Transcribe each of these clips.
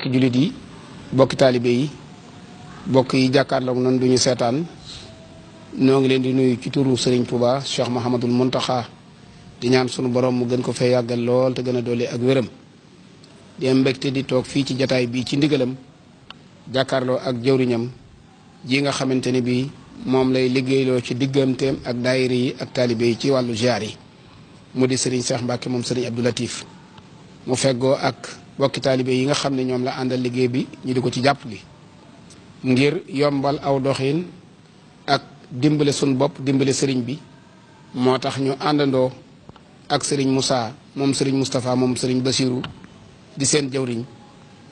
bokki jullit yi bokki taalibe yi bokk yi jàkkaarloog noonu duñu seetaan noo ngi leen di nuyu ci turu Serigne Touba Cheikh Mouhamadul Mountakha di ñaan sunu borom mu gën ko fee yàggal lool te gën a doole ak wéram di am mbégte di toog fii ci jataay bii ci ndigalam jàkkaarloo ak jëwriñam ji nga xamante ni bii moom lay liggéeyloo ci digganteem ak daayira yi ak taalibe yi ci wàllu ziar yi mu di Serigne Cheikh Mbacke moom Serigne Abdou Latif mu feggoo ak. bokki taalibe yi nga xam ne ñoom la àndal liggéey bi ñu di ko ci jàppali ngir yombal aw doxin ak dimbale sunu bopp dimbale sëriñ bi moo tax ñu àndandoo ak sëriñ Moussa moom sëriñ Moustapha moom sëriñ Basirou di seen jawriñ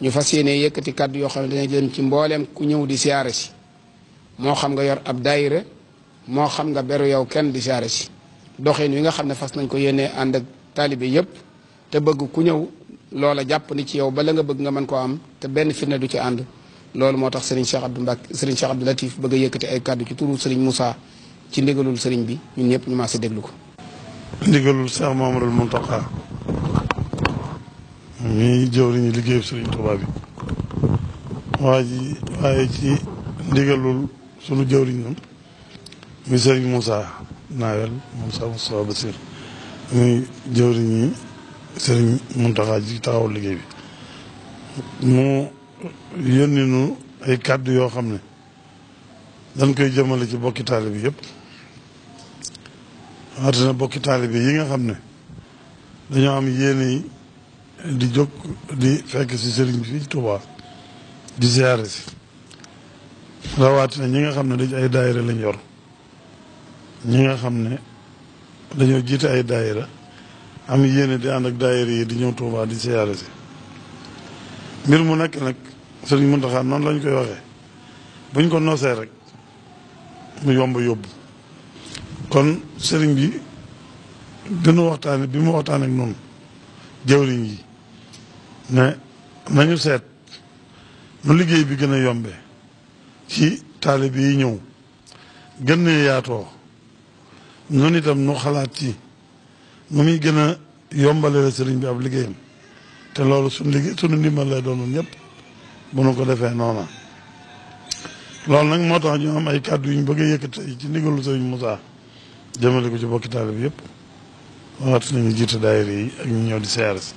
ñu fas yéene yëkkati kàddu yoo xam ne dinañ leen ci mbooleem ku ñëw di siyaare si moo xam nga yor ab daayira moo xam nga beru yow kenn di siyaare si doxin wi nga xam ne fas nañ ko yéene ànd ak taalibe yëpp te bëgg ku ñëw loola jàpp ni ci yow ba la nga bëgg nga man koo am te benn fitna du ci ànd loolu moo tax Serigne Cheikh Abdou Mbacke Serigne Cheikh Abdou Latif bëgg a yëkkati ay kàddu ci turu Serigne Moussa ci ndigalul Serigne bi ñun ñëpp ñu maa si déglu ko. ndigalul Cheikh Mamadou Mountakha mi jëwriñu liggéeyu Serigne Touba bi waa ji waaye ci ndigalul sunu jëwriñam mi Serigne Moussa Nawel Moussa Moussa Bassir mi jëwriñ yi Serigne Mountakha ji taxawul liggéey bi mu yónni nu ay kàddu yoo xam ne dañ koy jëmale ci bokki taalibe bi yëpp rawatina bokki taalibe bi yi nga xam ne dañoo am yéene di jóg di fekk si Serigne bi fii Touba di ziare si rawatina ñi nga xam ne dañ ay daayira yor ñi nga xam ne dañoo jiite ay daayira am yéene di ànd ak daayira yi di ñëw Touba di siyaare si mbir mu nekk nag Sëriñ Muntaxa noonu lañu koy waxee buñ ko noosee rek mu yomb yóbbu kon sëriñ bi gënu waxtaan bi mu waxtaan ak noonu jawriñ yi ne nañu seet nu liggéey bi gën a yombe ci taalibe yi ñëw gën a yaatoo nun itam nu xalaat ci nu muy gën a yombale sëriñ bi ab liggéeyam te loolu suñu liggéey suñu ndimbal lay doon ñëpp bu nu ko defee noona loolu nag moo tax ñu am ay kàddu yu ñu bëgg a yëkkati ci ndigalu sëriñ Moussa jëmale ko ci bokki taalibe bi yëpp waxaat nañu jiite daayira yi ak ñu ñëw di seer si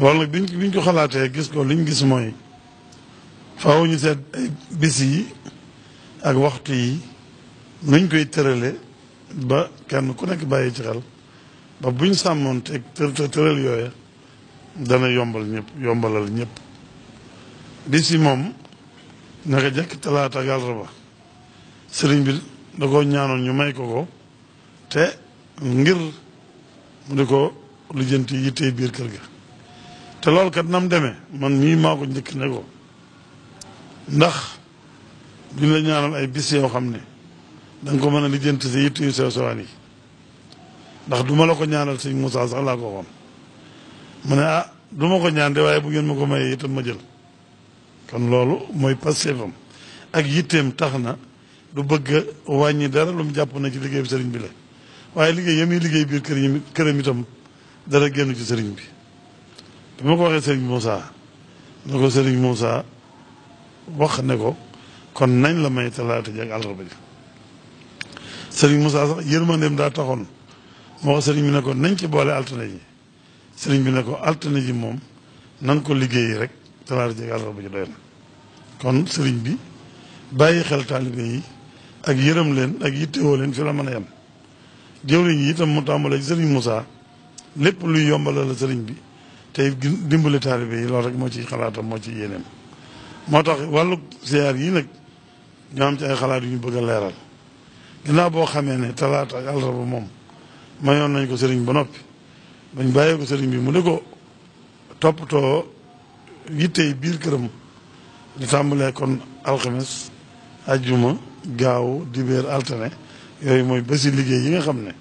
loolu nag biñ biñ ko xalaatee gis ko liñ gis mooy faaw ñu seet ay bis yi ak waxtu yi nuñ koy tërale ba kenn ku nekk bàyyi ci xel ba buñ sàmmoon teg tëral yooya dana yombal ñëpp yombalal ñëpp bis yi moom naka jekk talaata ak àllarba sëriñ bi da ko ñaanoon ñu may ko ko te ngir mu di ko lijjanti yittee biir kër ga te loolu kat nam demee man mii maa ko njëkk ne ko ndax ñu la ñaanal ay bis yoo xam ne da ko mën a lijjanti sa yitte yu sew sewaan yi ndax duma la ko ñaanal sëñ Moussa sax laa ko waxoon mu ne ah du ko ñaan waaye bu ngeen ma ko mayee itam ma jël kon loolu mooy passeefam ak yitteem tax na du bëgg wàññi dara lu mu jàpp na ci liggéey sëriñ bi la waaye liggéey yami liggéey biir kër yi këram itam dara génn ci sëriñ bi bi ko waxee sëriñ Moussa na ko sëriñ Moussa wax ne ko kon nañ la may talaata ji ak àllarba sëriñ Moussa sax yërmandeem daa taxoon moo ko sëriñ bi ne ko nañ boole altine ji sëriñ bi ne ko altine ji moom nan ko liggéeyi rek talaata ji àllarba ji doy na kon sëriñ bi bàyyi xel taalibe yi ak yërëm leen ak yittewoo leen fi la mën a yem jëwriñ yi itam mu tàmbalee sëriñ Moussa lépp luy yombalal la sëriñ bi tey dimbali taalibe yi loolu rek moo ciy xalaatam moo ci yéeneem moo tax wàllu ziar yi nag ñoo am ci xalaat yu ñu bëgg a leeral ginnaaw boo xamee ne talaata ak àllarba moom mayoon nañ ko sëriñ ba noppi bañ bàyyee ko sëriñ bi mu ne ko toppatoo yittey biir këram di tàmbalee kon alxames ajjuma gaaw dibéer altine yooyu mooy bési liggéey yi nga xam ne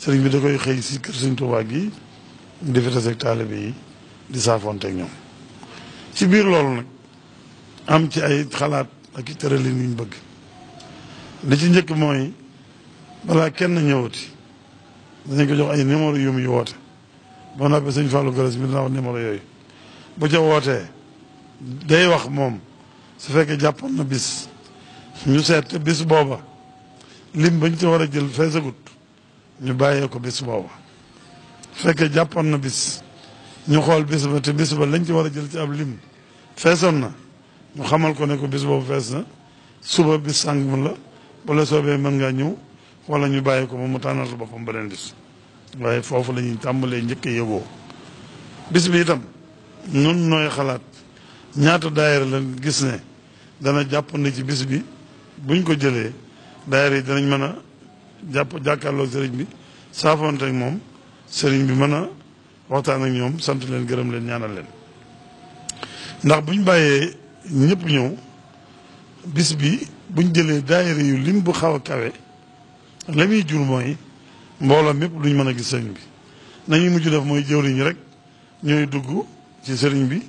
sëriñ bi da koy xëy si kër sëriñ Tuubaa gi di fi taseeg taalibe yi di saafoonteek ñoom ci biir loolu nag am ci ay xalaat ak i tëralin yuñ bëgg li ci njëkk mooy balaa kenn ñëwati dañ ko jox ay numéro yu muy woote ba noppi sëñ Fallou Galass mi dana wax numéro yooyu bu ca wootee day wax moom su fekkee jàppoon na bis ñu seet bis booba lim bañ ci war a jël feesagut ñu bàyyee ko bis booba su fekkee jàppoon na bis ñu xool bis ba te bis ba lañ ci war a jël ci ab lim feesoon na ñu xamal ko ne ko bis boobu fees na suba bis sàngam la bu la soobee mën ngaa ñëw wala ñu bàyyi ko moom mu tànnal boppam beneen bis waaye foofu la ñuy tàmbalee njëkk a bis bi itam nun nooy xalaat ñaata daayira la gis ne dana jàppandi ci bis bi buñ ko jëlee daayira yi danañ mën a jàpp jàkkaarloog sëriñ bi saafoonte moom sëriñ bi mën a waxtaan ak ñoom sant leen gërëm leen ñaanal leen ndax bu ñu bàyyee ñëpp ñëw bis bi buñ jëlee daayira yu lim bu xaw a kawe la muy jur mooy mbooloo mépp duñ mën a gis sëriñ bi nañuy mujj def mooy jëwriñ rek ñooy dugg ci sëriñ bi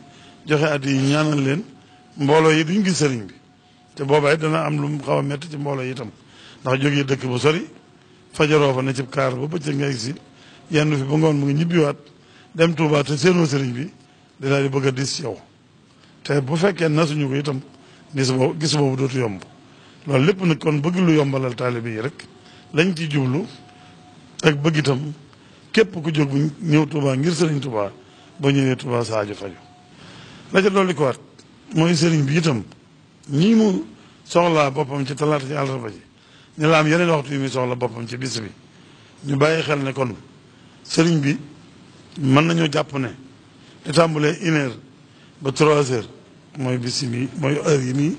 joxe at yi ñaanal leen mbooloo yi duñ gis sëriñ bi te boobaay it dana am lu mu xaw a métti ci mbooloo yi itam ndax jógee dëkk bu sori fajaroo fa ne ci kaar ba bëccëg nga egsi yenn fi ba ngoon mu ngi ñibbiwaat dem Touba te seenoo sëriñ bi dina di bëgg a dis yow te bu fekkee nasuñu ko itam gis boobu gis boobu dootu yomb loolu lépp nag kon bëgg lu yombalal taalibe yi rek lañ ci jublu ak bëgg itam képp ku jóg bu ñëw Touba ngir sëriñ Touba ba ñëwee Touba sa aju faju la ca dolli ko waat mooy sëriñ bi itam ñii mu soxlaa boppam ci talaata ci àllarba ji ñu la am yeneen waxtu yi muy soxla boppam ci bis bi ñu bàyyi xel ne kon sëriñ bi mën nañoo jàpp ne di tàmbalee une ba trois mooy bis yi mooy heure yi muy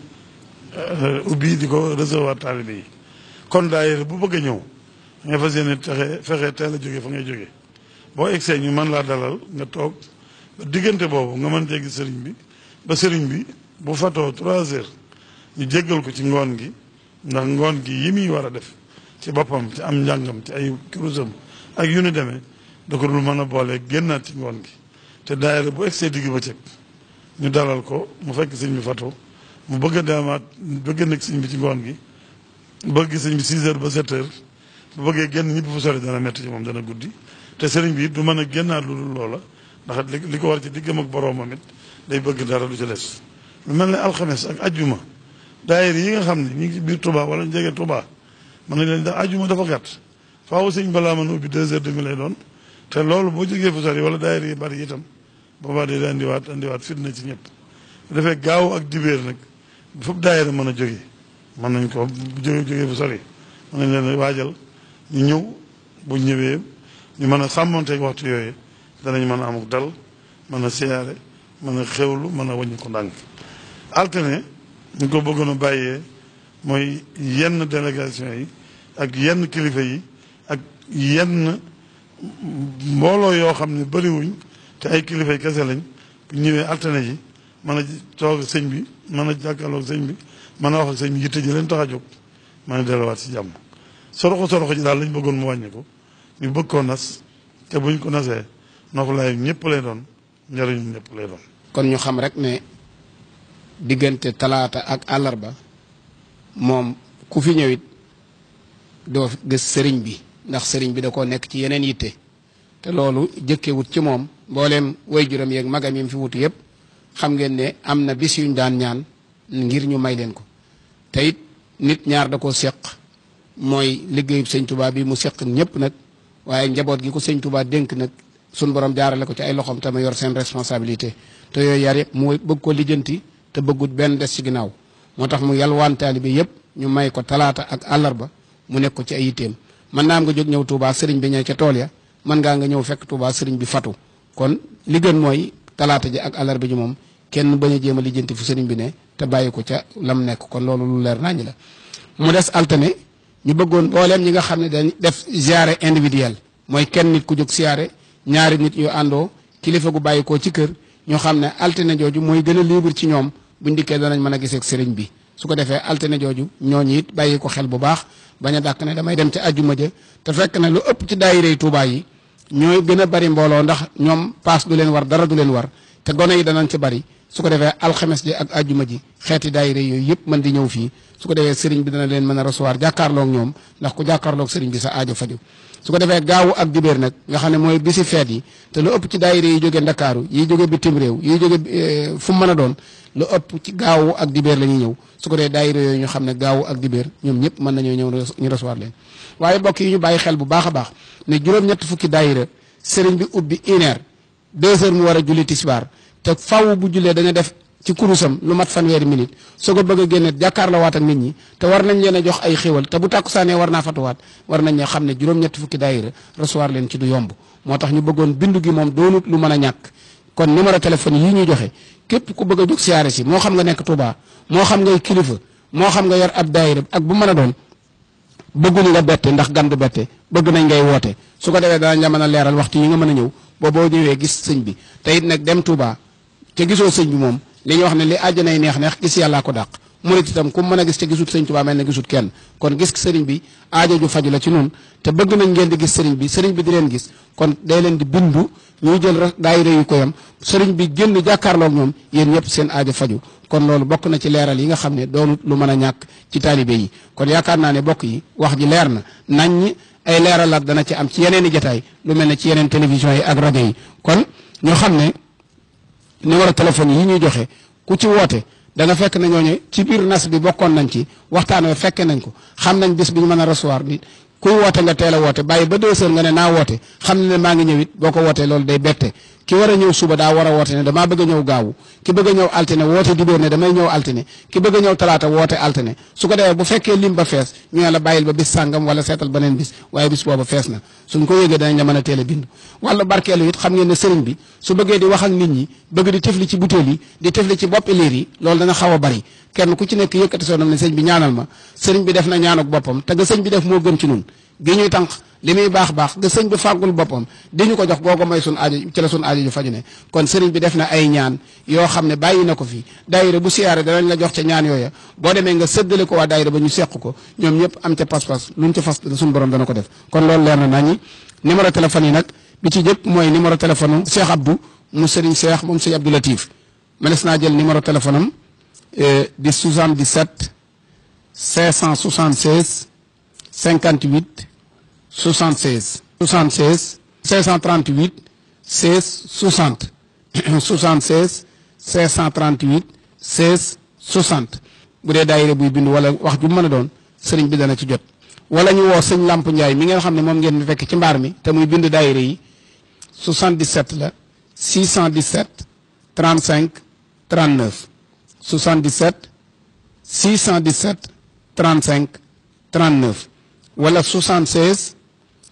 euh, ubbi di ko recevoir taalibe yi kon daayira bu bëgg ñëw nga fas yéene texe fexe teel a jóge fa ngay jóge boo egsee ñu man laa dalal nga toog ba diggante boobu nga man cee sëriñ bi ba sëriñ bi bu fatoo trois heures ñu jéggal ko ci ngoon gi ndax ngoon gi yi muy war a def ci boppam ci am njàngam ci ay kurusam ak yu ni demee da ko dul mën a boolee génnaat ci ngoon gi te daayira bu egsee digg ba cëg ñu dalal ko mu fekk sëñ bi fatoo mu bëgg a demaat bëgg nekk sëñ bi ci ngoon gi bëgg sëñ bi 6 heures ba set heures bu bëggee génn ñëpp fu sori dana métti moom dana guddi te sëriñ bi it du mën a génnaat lu dul loola ndax li li ko war ci diggam ak boroomam it day bëgg dara du ca des. lu mel ne alxames ak ajjuma daayira yi nga xam ne ñu ngi ci biir wala ñu Touba mën nañ leen di ajjuma dafa gàtt faaw sëñ balaa mën ubbi 2 heures demi lay doon te loolu boo jógee fu yi wala daayira yi bari itam boobaa day andiwaat andiwaat fitna ci ñëpp bu defee gaaw ak dibeer nag foofu daayira mën a jógee. mën nañ ko jóge jóge bu sori mën nañ leen waajal ñu ñëw bu ñëwee ñu mën a sàmmonteeg waxtu yooyu danañ mën a amuk dal mën a siyaare mën a xewlu mën a wàññi ko ndànk altine ñu ko bëggoon a bàyyee mooy yenn délégation yi ak yenn kilifa yi ak yenn mbooloo yoo xam ne bëriwuñ te ay kilifa yi kese lañ bu ñëwee altine yi mën a toog sëñ bi mën a jàkkaarloog sëñ bi mën a wax ak sëñ bi yitte ji leen tax a jóg mën a delluwaat si jàmm soroxo soroxo ji daal lañu bëggoon mu wàññi ñu bëgg koo nas te buñ ko nasee noppalaay ñëpp lay doon njëriñu ñëpp lay doon. kon ñu xam rek ne diggante talaata ak àllarba moom ku fi ñëwit doo gis sëriñ bi ndax sëriñ bi da koo nekk ci yeneen yitte te loolu jëkkewut ci moom mbooleem way-juram yeeg magam yi mu fi wut yëpp xam ngeen ne am na bis yu ñu daan ñaan ngir ñu may leen ko. tayit nit ñaar da ko sekk moy liggey seigne touba bi mu sekk ñëpp nak waye njabot gi ko seigne touba denk nak sun borom jaarale ko ci ay loxom tamay yor seen responsabilité te yoy yar yëpp moy bëgg ko lijeenti te bëggut ben dess ci ginaaw motax tax mu yalwaan talibi yëpp ñu may ko talata ak alarba mu nekk ko ci ay yitem man na nga jog ñew Touba sëriñ bi ñe ci tool ya man nga nga ñew fekk Touba bi fatu kon li gën talata talata ji ak alarba ji mom kenn bañ a jéem a lijjanti fu sëriñ bi ne te bàyyi ko ca lam nekk kon loolu lu leer nañ la mu des altane ñu bëggoon mbooleem ñi nga xam ne dañ def ziare individuel mooy kenn nit ku jóg ñaari nit yu àndoo kilifa gu bàyyi koo ci kër xam ne altane jooju mooy gën a libre ci ñoom buñ dikkee danañ mën a sëriñ bi su ko defee altane jooju ñooñu it bàyyi ko xel bu baax bañ a dàkk ne damay dem ci àjjuma ja te fekk na lu ëpp ci daayirey Tuubaa yi ñooy gën a bari mbooloo ndax ñoom paas du leen war dara du leen war te gone yi danañ ci bari su ko defee alxemes ji ak ajjuma ji xeeti daayira yooyu yëpp mën di ñëw fii su ko defee sëriñ bi dana leen mën a recevoir jàkkaarloog ñoom ndax ku jàkkaarloog sëriñ bi sa ajo faju su ko defee gaawu ak dibéer nag nga xam ne mooy bisi feet yi te lu ëpp ci daayira yi jóge ndakaaru yi jóge bitim réew yi jóge eh, fu mu mën a doon lu ëpp ci gaawu ak dibéer la ñuy ñëw su ko defee daayira yooyu ñu xam ne gaawu ak dibéer ñoom ñëpp mën nañoo ñëw ñu recevoir leen waaye mbokk yi ñu bàyyi xel bu baax a baax juróom-ñett fukki daayira sëriñ bi ubbi une heure deux mu war a julli tisbaar te faaw bu jullee dana def ci kurusam lu mat fanweeri minute soo ko bëgg a génne jàkkaarloo waat ak nit ñi te war nañ leen a jox ay xéwal te bu tàkkusaanee war naa fatuwaat war nañ ñoo xam ne juróom-ñetti fukki daayira recevoir leen ci du yomb moo tax ñu bëggoon bindu gi moom doonut lu mën a ñàkk kon numéro téléphone yi ñuy joxe képp ku bëgg a jóg siyaare si moo xam nga nekk Touba moo xam ngay kilifa moo xam nga yor ab daayira ak bu mën a doon bëgguñ nga bette ndax gan du bette nañ ngay woote su ko defee danañ la mën a leeral waxtu yi nga mën a ñëw boo boo ñëwee gis sëñ bi te it dem Touba te gisoo sëñ bi moom li ñuy wax ne li àjjanay neex neex gis yàllaa ko dàq murit itam ku mën a gis te gisut sëñ bi aajo ju faju la ci nun te bëgg nañ ngeen di gis sëriñ bi sëriñ bi di leen gis kon day leen di bindu ñuy jël daayira yu ko yam sëriñ bi génn jàkkaarloog ñoom yéen ñëpp seen aajo faju kon loolu bokk na ci leeral yi nga xam ne doonut lu mën a ñàkk ci taalibe yi kon yaakaar naa ne bokk yi wax ji leer na nañ ay leeralaat dana ci am ci yeneen i jataay lu mel ne ci yeneen télévision yi ak rajo yi numéro téléphone yi ñuy joxe ku ci woote da nga fekk na ñooñu ci biir nas bi bokkoon nañ ci waxtaan wi fekke nañ ko xam nañ bis bi ñu mën a recevoir bi kuy woote nga teel woote bàyyi ba deux heures nga ne naa woote xam ne maa ngi ñëw it boo ko wootee loolu day bette ki war a ñëw suba daa war a woote ne damaa bëgg a ñëw gaawu ki bëgg a ñëw altine woote dibéer ne damay ñëw altine ki bëgg a ñëw talaata woote altine su ko defee bu fekkee lim ba fees ñu ne la bàyyil ba bis sàngam wala seetal beneen bis waaye bis booba fees na suñ ko yëgee danañ la mën a teel a wala barkeelu it xam ngeen ne sëriñ bi su bëggee di wax ak nit ñi bëgg di tefli ci butéel yi di tefli ci bopp liir yi loolu dana xaw a bari kenn ku ci nekk yëkkati soo nam ne sëñ bi ñaanal ma sëriñ bi def na ñaanuk boppam te nga sëñ bi def moo gën ci nun gi tànq li muy baax baax nga sëñ bi fàggul boppam di ñu ko jox ko mooy sun aajo ci la sun aajo ju faju ne kon sëriñ bi def na ay ñaan yoo xam ne bàyyi na ko fii daayira bu siyaare danañ la jox ca ñaan yooya boo demee nga sëddale ko waa daayira ba ñu seq ko ñoom ñëpp am ca pas-pas luñ ca fas suñu borom dana ko def kon loolu leer na nañi numéro téléphone yi nag ci jëkk mooy numéro téléphone Cheikh Abdou mu sëriñ Cheikh moom sëriñ Abdou Latif mënees naa jël numéro téléphone am euh, di 77 576 58 76 76 538 16 60 76 538 16 60 bu dee daayira buy bind wala wax ju mën a doon seriñ bi dana ci jot wala ñu woo sëñ Lamp Ndiaye mi ngeen xam ne moom ngeen fekk ci mbaar mi te muy bind daayira yi 77 la 617 35 39 77 617 35 39 wala 76